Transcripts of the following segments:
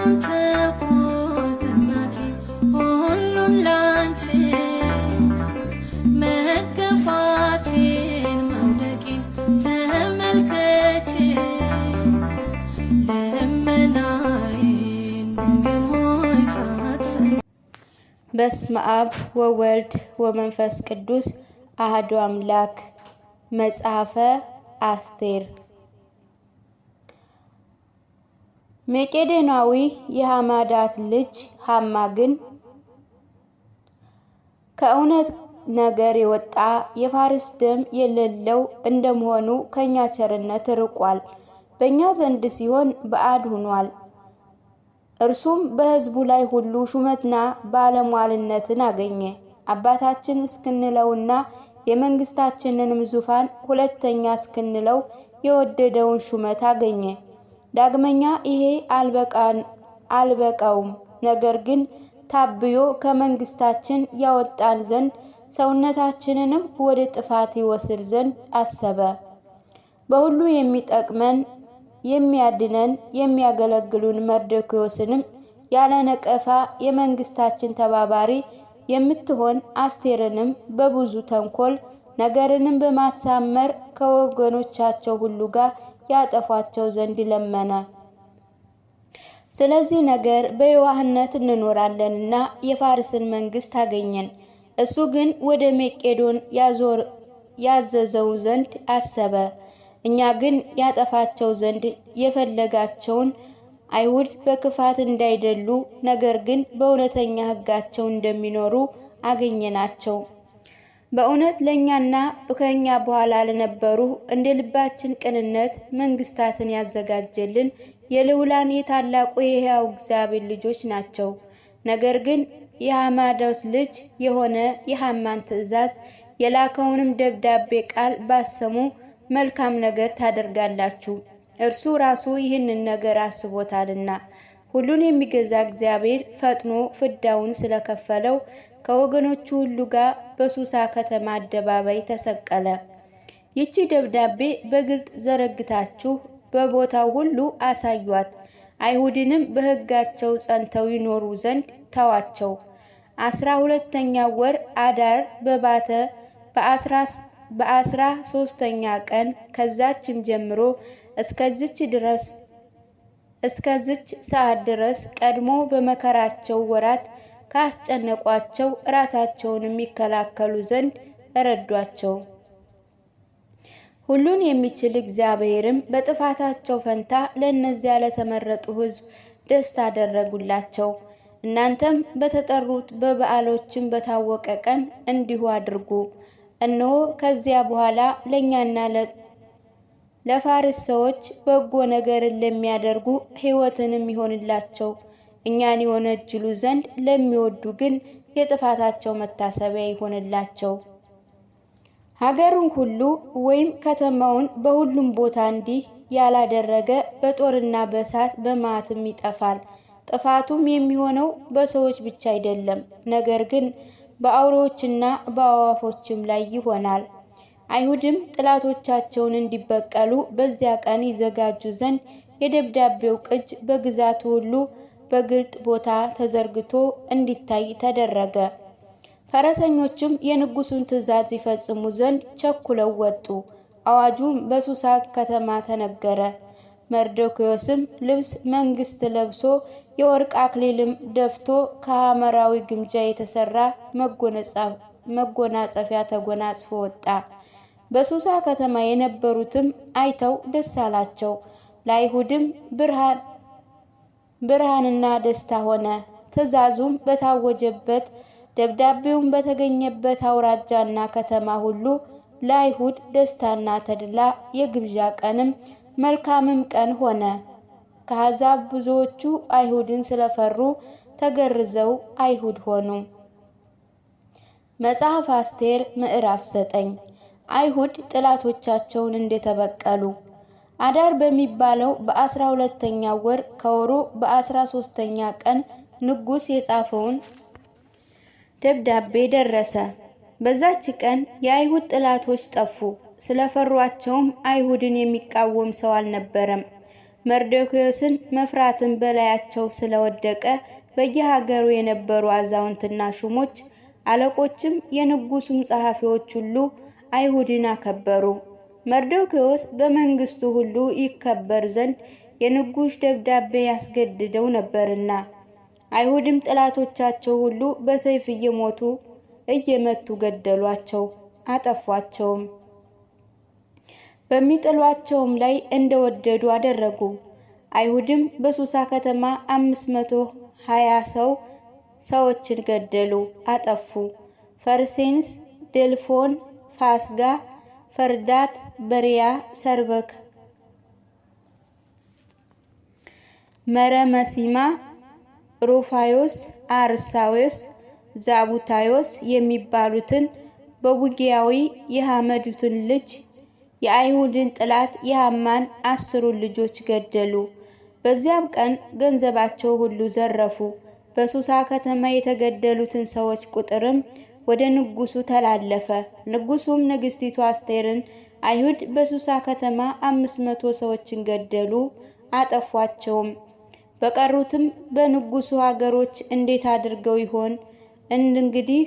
እናንተ ሞት እናቴ ሁሉም ላንቺ መገፋቴን መውደቄን በስመ አብ ወወልድ ወመንፈስ ቅዱስ አህዶ አምላክ መጽሐፈ አስቴር መቄዶናዊ የሐማዳት ልጅ ሐማ ግን ከእውነት ነገር የወጣ የፋርስ ደም የሌለው እንደመሆኑ ከእኛ ቸርነት ርቋል፣ በእኛ ዘንድ ሲሆን በአድ ሆኗል። እርሱም በሕዝቡ ላይ ሁሉ ሹመትና ባለሟልነትን አገኘ። አባታችን እስክንለውና የመንግስታችንንም ዙፋን ሁለተኛ እስክንለው የወደደውን ሹመት አገኘ። ዳግመኛ ይሄ አልበቃውም፣ ነገር ግን ታብዮ ከመንግስታችን ያወጣን ዘንድ ሰውነታችንንም ወደ ጥፋት ይወስድ ዘንድ አሰበ። በሁሉ የሚጠቅመን የሚያድነን የሚያገለግሉን መርዶክዮስንም ያለ ነቀፋ የመንግስታችን ተባባሪ የምትሆን አስቴርንም በብዙ ተንኮል ነገርንም በማሳመር ከወገኖቻቸው ሁሉ ጋር ያጠፏቸው ዘንድ ለመነ። ስለዚህ ነገር በየዋህነት እንኖራለንና የፋርስን መንግስት አገኘን። እሱ ግን ወደ መቄዶን ያዞር ያዘዘው ዘንድ አሰበ። እኛ ግን ያጠፋቸው ዘንድ የፈለጋቸውን አይሁድ በክፋት እንዳይደሉ ነገር ግን በእውነተኛ ሕጋቸው እንደሚኖሩ አገኘናቸው። በእውነት ለእኛና ከእኛ በኋላ ለነበሩ እንደ ልባችን ቅንነት መንግስታትን ያዘጋጀልን የልውላን የታላቁ የሕያው እግዚአብሔር ልጆች ናቸው። ነገር ግን የሐማዳት ልጅ የሆነ የሐማን ትእዛዝ የላከውንም ደብዳቤ ቃል ባሰሙ መልካም ነገር ታደርጋላችሁ፣ እርሱ ራሱ ይህንን ነገር አስቦታልና። ሁሉን የሚገዛ እግዚአብሔር ፈጥኖ ፍዳውን ስለከፈለው ከወገኖቹ ሁሉ ጋር በሱሳ ከተማ አደባባይ ተሰቀለ። ይቺ ደብዳቤ በግልጥ ዘረግታችሁ በቦታው ሁሉ አሳዩት። አይሁድንም በሕጋቸው ጸንተው ይኖሩ ዘንድ ተዋቸው። አስራ ሁለተኛ ወር አዳር በባተ በአስራ ሶስተኛ ቀን ከዛችም ጀምሮ እስከዚች ድረስ እስከዚች ሰዓት ድረስ ቀድሞ በመከራቸው ወራት ካስጨነቋቸው ራሳቸውን የሚከላከሉ ዘንድ ረዷቸው። ሁሉን የሚችል እግዚአብሔርም በጥፋታቸው ፈንታ ለእነዚያ ለተመረጡ ሕዝብ ደስታ አደረጉላቸው። እናንተም በተጠሩት በበዓሎችን በታወቀ ቀን እንዲሁ አድርጉ። እነሆ ከዚያ በኋላ ለእኛና ለፋርስ ሰዎች በጎ ነገርን ለሚያደርጉ ሕይወትንም ይሆንላቸው። እኛን የወነጅሉ ዘንድ ለሚወዱ ግን የጥፋታቸው መታሰቢያ ይሆንላቸው። ሀገሩን ሁሉ ወይም ከተማውን በሁሉም ቦታ እንዲህ ያላደረገ በጦርና በእሳት በማዕትም ይጠፋል። ጥፋቱም የሚሆነው በሰዎች ብቻ አይደለም፣ ነገር ግን በአውሬዎችና በአዋፎችም ላይ ይሆናል። አይሁድም ጥላቶቻቸውን እንዲበቀሉ በዚያ ቀን ይዘጋጁ ዘንድ የደብዳቤው ቅጅ በግዛቱ ሁሉ በግልጥ ቦታ ተዘርግቶ እንዲታይ ተደረገ። ፈረሰኞችም የንጉሱን ትዕዛዝ ይፈጽሙ ዘንድ ቸኩለው ወጡ። አዋጁም በሱሳ ከተማ ተነገረ። መርዶክዮስም ልብስ መንግስት ለብሶ የወርቅ አክሊልም ደፍቶ ከሐመራዊ ግምጃ የተሰራ መጎናጸፊያ ተጎናጽፎ ወጣ። በሱሳ ከተማ የነበሩትም አይተው ደስ አላቸው። ለአይሁድም ብርሃን ብርሃንና ደስታ ሆነ። ትዕዛዙም በታወጀበት ደብዳቤውም በተገኘበት አውራጃና ከተማ ሁሉ ለአይሁድ ደስታና ተድላ የግብዣ ቀንም መልካምም ቀን ሆነ። ከአሕዛብ ብዙዎቹ አይሁድን ስለፈሩ ተገርዘው አይሁድ ሆኑ። መጽሐፍ አስቴር ምዕራፍ ዘጠኝ አይሁድ ጠላቶቻቸውን እንደተበቀሉ አዳር በሚባለው በአስራ ሁለተኛ ወር ከወሩ በአስራ ሶስተኛ ቀን ንጉስ የጻፈውን ደብዳቤ ደረሰ። በዛች ቀን የአይሁድ ጥላቶች ጠፉ። ስለፈሯቸውም አይሁድን የሚቃወም ሰው አልነበረም። መርዶክዮስን መፍራትን በላያቸው ስለወደቀ በየሀገሩ የነበሩ አዛውንትና ሹሞች፣ አለቆችም የንጉሱም ጸሐፊዎች ሁሉ አይሁድን አከበሩ። መርዶክዮስ በመንግስቱ ሁሉ ይከበር ዘንድ የንጉሥ ደብዳቤ ያስገድደው ነበርና አይሁድም ጠላቶቻቸው ሁሉ በሰይፍ እየሞቱ እየመቱ ገደሏቸው፣ አጠፏቸውም። በሚጥሏቸውም ላይ እንደወደዱ አደረጉ። አይሁድም በሱሳ ከተማ አምስት መቶ ሀያ ሰው ሰዎችን ገደሉ፣ አጠፉ። ፈርሴንስ፣ ዴልፎን፣ ፋስጋ फरदात በሪያ ሰርበክ መረመሲማ ሮፋዮስ አርሳዮስ ዛቡታዮስ የሚባሉትን በቡጊያዊ የሐመዱትን ልጅ የአይሁድን ጥላት የሐማን አስሩን ልጆች ገደሉ። በዚያም ቀን ገንዘባቸው ሁሉ ዘረፉ። በሱሳ ከተማ የተገደሉትን ሰዎች ቁጥርም ወደ ንጉሱ ተላለፈ። ንጉሱም ንግስቲቱ አስቴርን አይሁድ በሱሳ ከተማ አምስት መቶ ሰዎችን ገደሉ፣ አጠፏቸውም። በቀሩትም በንጉሱ ሀገሮች እንዴት አድርገው ይሆን እንግዲህ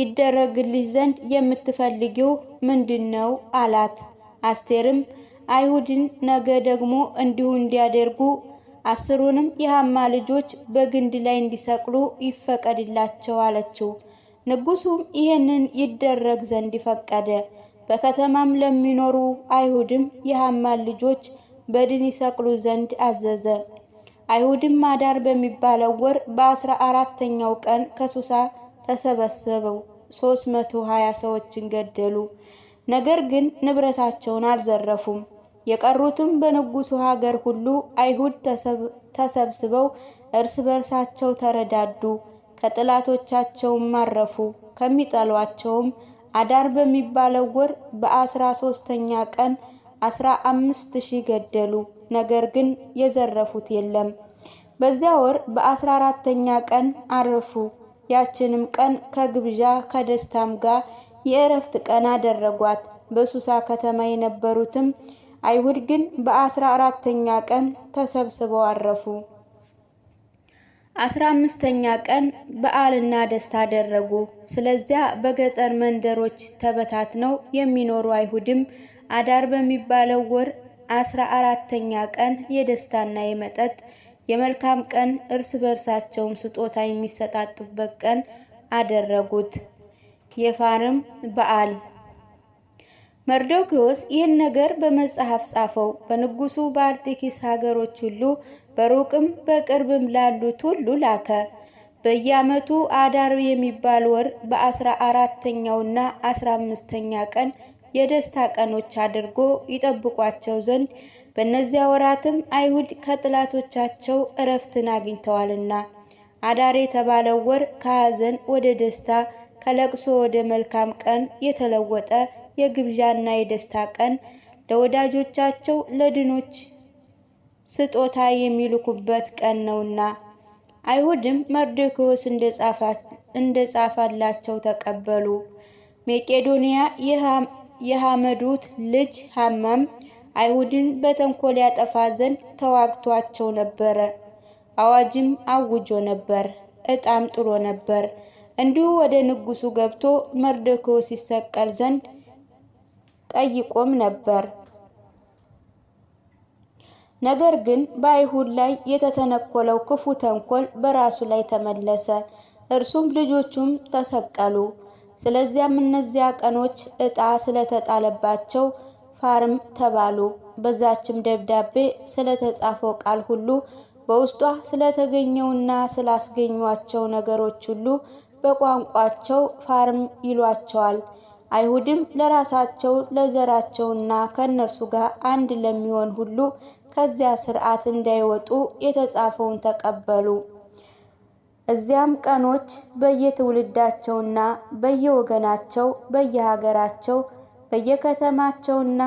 ይደረግልሽ ዘንድ የምትፈልጊው ምንድን ነው አላት። አስቴርም አይሁድን ነገ ደግሞ እንዲሁ እንዲያደርጉ አስሩንም የሐማ ልጆች በግንድ ላይ እንዲሰቅሉ ይፈቀድላቸው አለችው። ንጉሱም ይህንን ይደረግ ዘንድ ፈቀደ። በከተማም ለሚኖሩ አይሁድም የሐማን ልጆች በድን ይሰቅሉ ዘንድ አዘዘ። አይሁድም አዳር በሚባለው ወር በአስራ አራተኛው ቀን ከሱሳ ተሰበሰበው ሶስት መቶ ሀያ ሰዎችን ገደሉ። ነገር ግን ንብረታቸውን አልዘረፉም። የቀሩትም በንጉሱ ሀገር ሁሉ አይሁድ ተሰብስበው እርስ በርሳቸው ተረዳዱ። ከጥላቶቻቸውም አረፉ። ከሚጠሏቸውም አዳር በሚባለው ወር በአስራ ሶስተኛ ቀን አስራ አምስት ሺህ ገደሉ። ነገር ግን የዘረፉት የለም። በዚያ ወር በአስራ አራተኛ ቀን አረፉ። ያችንም ቀን ከግብዣ ከደስታም ጋር የእረፍት ቀን አደረጓት። በሱሳ ከተማ የነበሩትም አይሁድ ግን በአስራ አራተኛ ቀን ተሰብስበው አረፉ። አስራ አምስተኛ ቀን በዓልና ደስታ አደረጉ። ስለዚያ በገጠር መንደሮች ተበታትነው የሚኖሩ አይሁድም አዳር በሚባለው ወር አስራ አራተኛ ቀን የደስታና የመጠጥ የመልካም ቀን እርስ በርሳቸውም ስጦታ የሚሰጣጡበት ቀን አደረጉት። የፋርም በዓል መርዶክዮስ ይህን ነገር በመጽሐፍ ጻፈው። በንጉሱ በአርጤኪስ ሀገሮች ሁሉ በሩቅም በቅርብም ላሉት ሁሉ ላከ። በየዓመቱ አዳር የሚባል ወር በአስራ አራተኛውና አስራ አምስተኛ ቀን የደስታ ቀኖች አድርጎ ይጠብቋቸው ዘንድ በእነዚያ ወራትም አይሁድ ከጥላቶቻቸው እረፍትን አግኝተዋልና። አዳር የተባለው ወር ከሐዘን ወደ ደስታ፣ ከለቅሶ ወደ መልካም ቀን የተለወጠ የግብዣና የደስታ ቀን ለወዳጆቻቸው ለድኖች ስጦታ የሚልኩበት ቀን ነውና አይሁድም መርዶክዮስ ጻፋላቸው ተቀበሉ። መቄዶንያ የሐመዱት ልጅ ሐማም አይሁድን በተንኮል ያጠፋ ዘንድ ተዋግቷቸው ነበረ። አዋጅም አውጆ ነበር፣ ዕጣም ጥሎ ነበር። እንዲሁ ወደ ንጉሱ ገብቶ መርዶክዮስ ይሰቀል ዘንድ ጠይቆም ነበር። ነገር ግን በአይሁድ ላይ የተተነኮለው ክፉ ተንኮል በራሱ ላይ ተመለሰ። እርሱም ልጆቹም ተሰቀሉ። ስለዚያም እነዚያ ቀኖች ዕጣ ስለተጣለባቸው ፋርም ተባሉ። በዛችም ደብዳቤ ስለተጻፈው ቃል ሁሉ በውስጧ ስለተገኘውና ስላስገኟቸው ነገሮች ሁሉ በቋንቋቸው ፋርም ይሏቸዋል። አይሁድም ለራሳቸው ለዘራቸውና ከእነርሱ ጋር አንድ ለሚሆን ሁሉ ከዚያ ስርዓት እንዳይወጡ የተጻፈውን ተቀበሉ። እዚያም ቀኖች በየትውልዳቸውና በየወገናቸው በየሀገራቸው በየከተማቸውና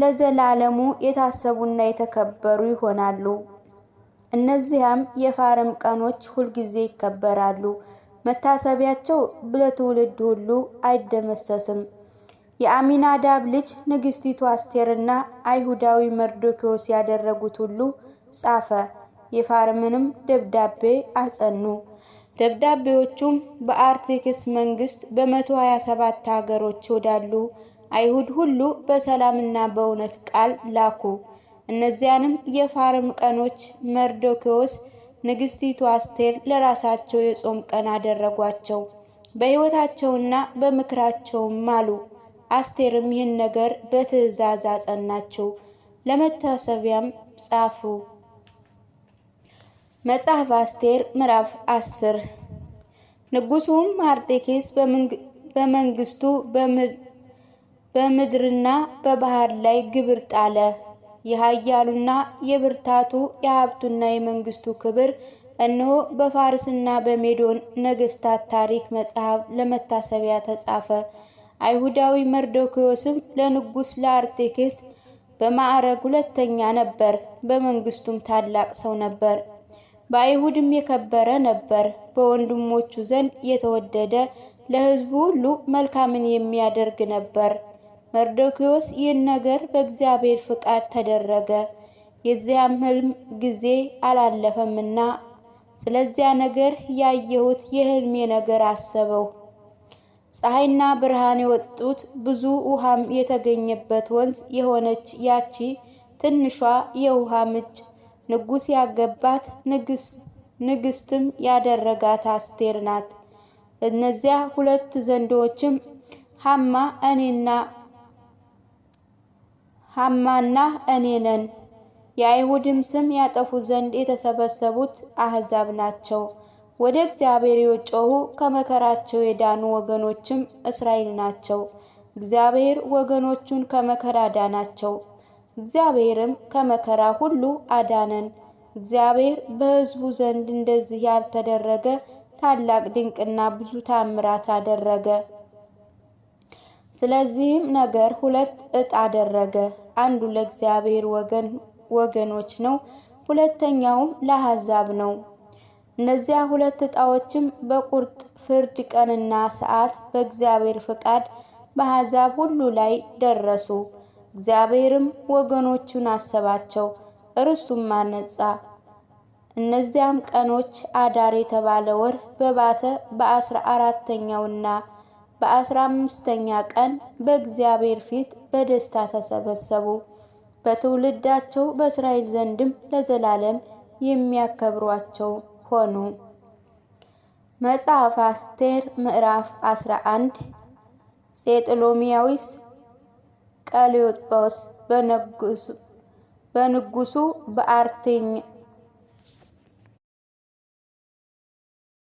ለዘላለሙ የታሰቡና የተከበሩ ይሆናሉ። እነዚያም የፋርም ቀኖች ሁልጊዜ ይከበራሉ። መታሰቢያቸው ለትውልድ ሁሉ አይደመሰስም። የአሚናዳብ ልጅ ንግስቲቱ አስቴርና አይሁዳዊ መርዶኪዎስ ያደረጉት ሁሉ ጻፈ። የፋርምንም ደብዳቤ አጸኑ። ደብዳቤዎቹም በአርቴክስ መንግስት በመቶ ሀያ ሰባት ሀገሮች ወዳሉ አይሁድ ሁሉ በሰላምና በእውነት ቃል ላኩ። እነዚያንም የፋርም ቀኖች መርዶክዮስ ንግስቲቱ አስቴር ለራሳቸው የጾም ቀን አደረጓቸው። በሕይወታቸውና በምክራቸውም አሉ። አስቴርም ይህን ነገር በትእዛዝ አጸናችው። ለመታሰቢያም ጻፉ። መጽሐፍ አስቴር ምዕራፍ አስር ንጉሱም አርጤኬስ በመንግስቱ በምድርና በባህር ላይ ግብር ጣለ። የኃያሉና የብርታቱ የሀብቱና የመንግስቱ ክብር እነሆ በፋርስና በሜዶን ነገስታት ታሪክ መጽሐፍ ለመታሰቢያ ተጻፈ። አይሁዳዊ መርዶክዮስም ለንጉሥ ለአርጤክስ በማዕረግ ሁለተኛ ነበር፣ በመንግስቱም ታላቅ ሰው ነበር። በአይሁድም የከበረ ነበር። በወንድሞቹ ዘንድ የተወደደ ለሕዝቡ ሁሉ መልካምን የሚያደርግ ነበር። መርዶክዮስ ይህን ነገር በእግዚአብሔር ፍቃድ ተደረገ፣ የዚያም ህልም ጊዜ አላለፈምና ስለዚያ ነገር ያየሁት የህልሜ ነገር አሰበው። ፀሐይና ብርሃን የወጡት ብዙ ውሃም የተገኘበት ወንዝ የሆነች ያቺ ትንሿ የውሃ ምንጭ ንጉሥ ያገባት ንግስትም ያደረጋት አስቴር ናት። እነዚያ ሁለት ዘንዶዎችም ሐማ እኔና ሐማና እኔ ነን። የአይሁድም ስም ያጠፉ ዘንድ የተሰበሰቡት አሕዛብ ናቸው። ወደ እግዚአብሔር የጮኹ ከመከራቸው የዳኑ ወገኖችም እስራኤል ናቸው። እግዚአብሔር ወገኖቹን ከመከራ አዳናቸው። እግዚአብሔርም ከመከራ ሁሉ አዳነን። እግዚአብሔር በሕዝቡ ዘንድ እንደዚህ ያልተደረገ ታላቅ ድንቅና ብዙ ታምራት አደረገ። ስለዚህም ነገር ሁለት እጣ አደረገ። አንዱ ለእግዚአብሔር ወገኖች ነው፣ ሁለተኛውም ለአሕዛብ ነው። እነዚያ ሁለት እጣዎችም በቁርጥ ፍርድ ቀንና ሰዓት በእግዚአብሔር ፍቃድ በአሕዛብ ሁሉ ላይ ደረሱ። እግዚአብሔርም ወገኖቹን አሰባቸው፣ እርሱም አነጻ። እነዚያም ቀኖች አዳር የተባለ ወር በባተ በአስራ አራተኛውና በአስራ አምስተኛ ቀን በእግዚአብሔር ፊት በደስታ ተሰበሰቡ። በትውልዳቸው በእስራኤል ዘንድም ለዘላለም የሚያከብሯቸው ሆኑ። መጽሐፍ አስቴር ምዕራፍ 11 ሴጥሎሚያዊስ ቀሌዮጳውስ በንጉሱ